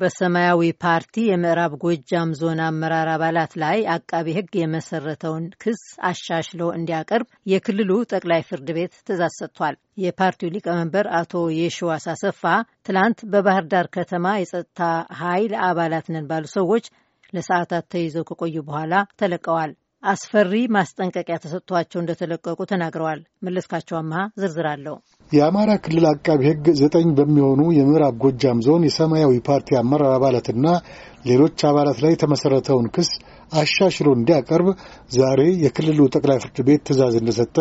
በሰማያዊ ፓርቲ የምዕራብ ጎጃም ዞን አመራር አባላት ላይ አቃቢ ሕግ የመሰረተውን ክስ አሻሽሎ እንዲያቀርብ የክልሉ ጠቅላይ ፍርድ ቤት ትእዛዝ ሰጥቷል። የፓርቲው ሊቀመንበር አቶ የሸዋስ አሰፋ ትላንት በባህር ዳር ከተማ የጸጥታ ኃይል አባላት ነን ባሉ ሰዎች ለሰዓታት ተይዘው ከቆዩ በኋላ ተለቀዋል። አስፈሪ ማስጠንቀቂያ ተሰጥቷቸው እንደተለቀቁ ተናግረዋል። መለስካቸው አመሃ ዝርዝር አለው። የአማራ ክልል አቃቢ ሕግ ዘጠኝ በሚሆኑ የምዕራብ ጎጃም ዞን የሰማያዊ ፓርቲ አመራር አባላትና ሌሎች አባላት ላይ የተመሠረተውን ክስ አሻሽሎ እንዲያቀርብ ዛሬ የክልሉ ጠቅላይ ፍርድ ቤት ትዕዛዝ እንደሰጠ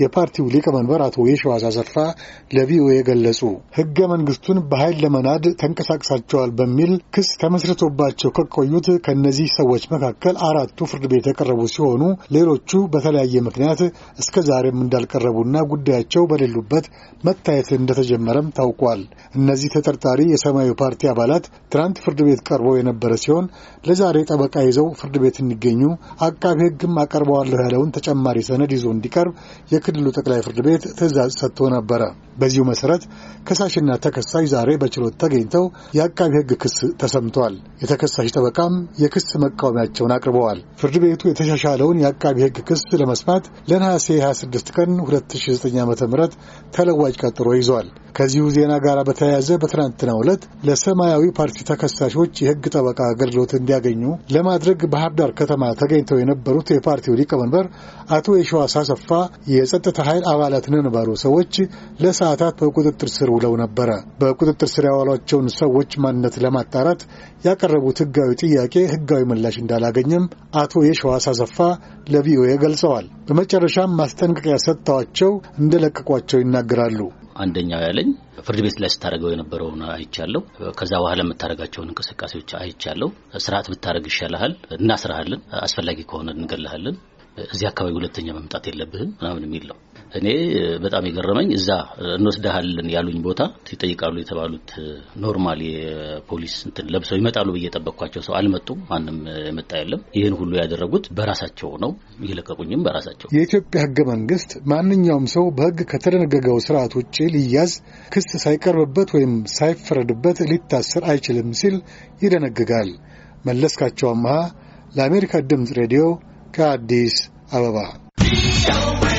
የፓርቲው ሊቀመንበር አቶ የሸዋስ አሰፋ ለቪኦኤ ገለጹ። ሕገ መንግስቱን በኃይል ለመናድ ተንቀሳቅሳቸዋል በሚል ክስ ተመስርቶባቸው ከቆዩት ከእነዚህ ሰዎች መካከል አራቱ ፍርድ ቤት የቀረቡ ሲሆኑ ሌሎቹ በተለያየ ምክንያት እስከ ዛሬም እንዳልቀረቡና ጉዳያቸው በሌሉበት መታየት እንደተጀመረም ታውቋል። እነዚህ ተጠርጣሪ የሰማያዊ ፓርቲ አባላት ትናንት ፍርድ ቤት ቀርበው የነበረ ሲሆን ለዛሬ ጠበቃ ይዘው ፍርድ ቤት ቤት እንዲገኙ አቃቢ ሕግም አቀርበዋለሁ ያለውን ተጨማሪ ሰነድ ይዞ እንዲቀርብ የክልሉ ጠቅላይ ፍርድ ቤት ትዕዛዝ ሰጥቶ ነበረ። በዚሁ መሰረት ከሳሽና ተከሳሽ ዛሬ በችሎት ተገኝተው የአቃቢ ሕግ ክስ ተሰምቷል። የተከሳሽ ጠበቃም የክስ መቃወሚያቸውን አቅርበዋል። ፍርድ ቤቱ የተሻሻለውን የአቃቢ ሕግ ክስ ለመስማት ለነሐሴ 26 ቀን 2009 ዓ ም ተለዋጭ ቀጥሮ ይዟል። ከዚሁ ዜና ጋር በተያያዘ በትናንትናው ዕለት ለሰማያዊ ፓርቲ ተከሳሾች የሕግ ጠበቃ አገልግሎት እንዲያገኙ ለማድረግ በሀብ በባህርዳር ከተማ ተገኝተው የነበሩት የፓርቲው ሊቀመንበር አቶ የሸዋስ አሰፋ የጸጥታ ኃይል አባላት ነን ባሉ ሰዎች ለሰዓታት በቁጥጥር ስር ውለው ነበረ። በቁጥጥር ስር ያዋሏቸውን ሰዎች ማንነት ለማጣራት ያቀረቡት ህጋዊ ጥያቄ ህጋዊ ምላሽ እንዳላገኘም አቶ የሸዋስ አሰፋ ለቪኦኤ ገልጸዋል። በመጨረሻም ማስጠንቀቂያ ሰጥተዋቸው እንደለቀቋቸው ይናገራሉ። አንደኛው ያለኝ ፍርድ ቤት ላይ ስታደርገው የነበረውን አይቻለሁ። ከዛ በኋላ የምታደርጋቸውን እንቅስቃሴዎች አይቻለሁ። ስርዓት ብታደርግ ይሻልሃል፣ እናስርሃለን፣ አስፈላጊ ከሆነ እንገልሃለን፣ እዚህ አካባቢ ሁለተኛ መምጣት የለብህም ምናምን የሚል ነው። እኔ በጣም የገረመኝ እዛ እንወስደሃልን ያሉኝ ቦታ ይጠይቃሉ የተባሉት ኖርማል የፖሊስ እንትን ለብሰው ይመጣሉ ብዬ የጠበቅኳቸው ሰው አልመጡም። ማንም የመጣ የለም። ይህን ሁሉ ያደረጉት በራሳቸው ነው። የለቀቁኝም በራሳቸው። የኢትዮጵያ ህገ መንግስት ማንኛውም ሰው በህግ ከተደነገገው ስርዓት ውጭ ሊያዝ፣ ክስ ሳይቀርብበት ወይም ሳይፈረድበት ሊታሰር አይችልም ሲል ይደነግጋል። መለስካቸው አምሃ ለአሜሪካ ድምፅ ሬዲዮ ከአዲስ አበባ